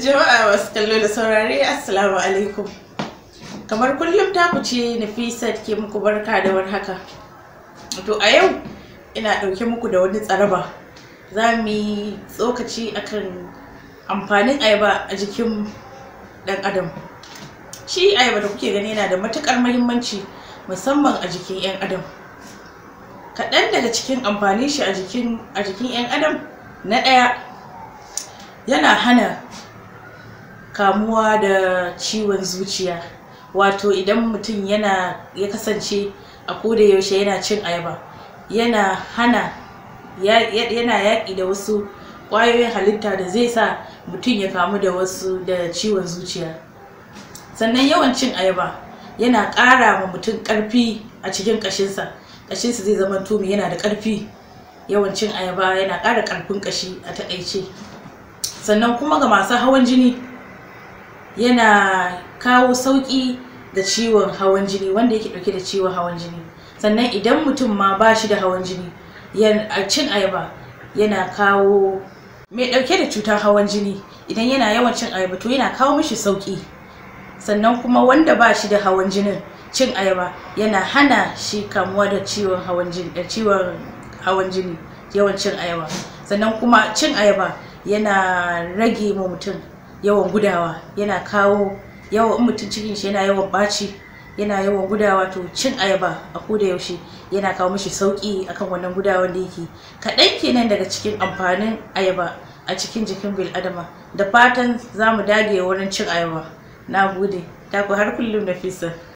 Jama'a masu kallo da saurare Assalamu alaikum. Kamar kullum ta ku ce Nafisat ke muku barka da warhaka. To a yau ina ɗauke muku da wani tsaraba. Za mu yi tsokaci akan amfanin ayaba a jikin ɗan adam. Shi ayaba da kuke gani yana da matuƙar muhimmanci musamman a jikin 'yan adam. Kaɗan daga cikin amfanin shi a jikin 'yan adam na ɗaya yana hana kamuwa da ciwon zuciya wato idan mutum yana ya kasance a koda yaushe yana cin ayaba yana hana yana yaƙi da wasu ƙwayoyin halitta da zai sa mutum ya kamu da wasu da ciwon zuciya sannan yawan cin ayaba yana ƙara ma mutum ƙarfi a cikin ƙashinsa ƙashinsa zai zama tumi yana da ƙarfi yawan cin ayaba yana ƙara ƙarfin ƙashi a taƙaice sannan kuma ga masu hawan jini yana kawo sauƙi da ciwon hawan jini wanda yake ɗauke da ciwon hawan jini sannan idan mutum ma ba shi da hawan jini a cin ayaba yana kawo mai ɗauke da cutar hawan jini idan yana yawan cin ayaba to yana kawo mishi sauki sannan kuma wanda ba shi da hawan jinin cin ayaba yana hana shi kamuwa da ciwon hawan jini da ciwon hawan jini yawan cin ayaba sannan kuma cin ayaba yana rage ma mutum yawan gudawa yana kawo yawan in mutum cikin shi yana yawan ɓaci yana yawan gudawa to cin ayaba a koda yaushe yana kawo mishi sauki akan wannan gudawan da yake kaɗan kenan daga cikin amfanin ayaba a cikin jikin bil adama, da fatan za mu dage wurin cin ayaba na gode ta har kullum na nafisa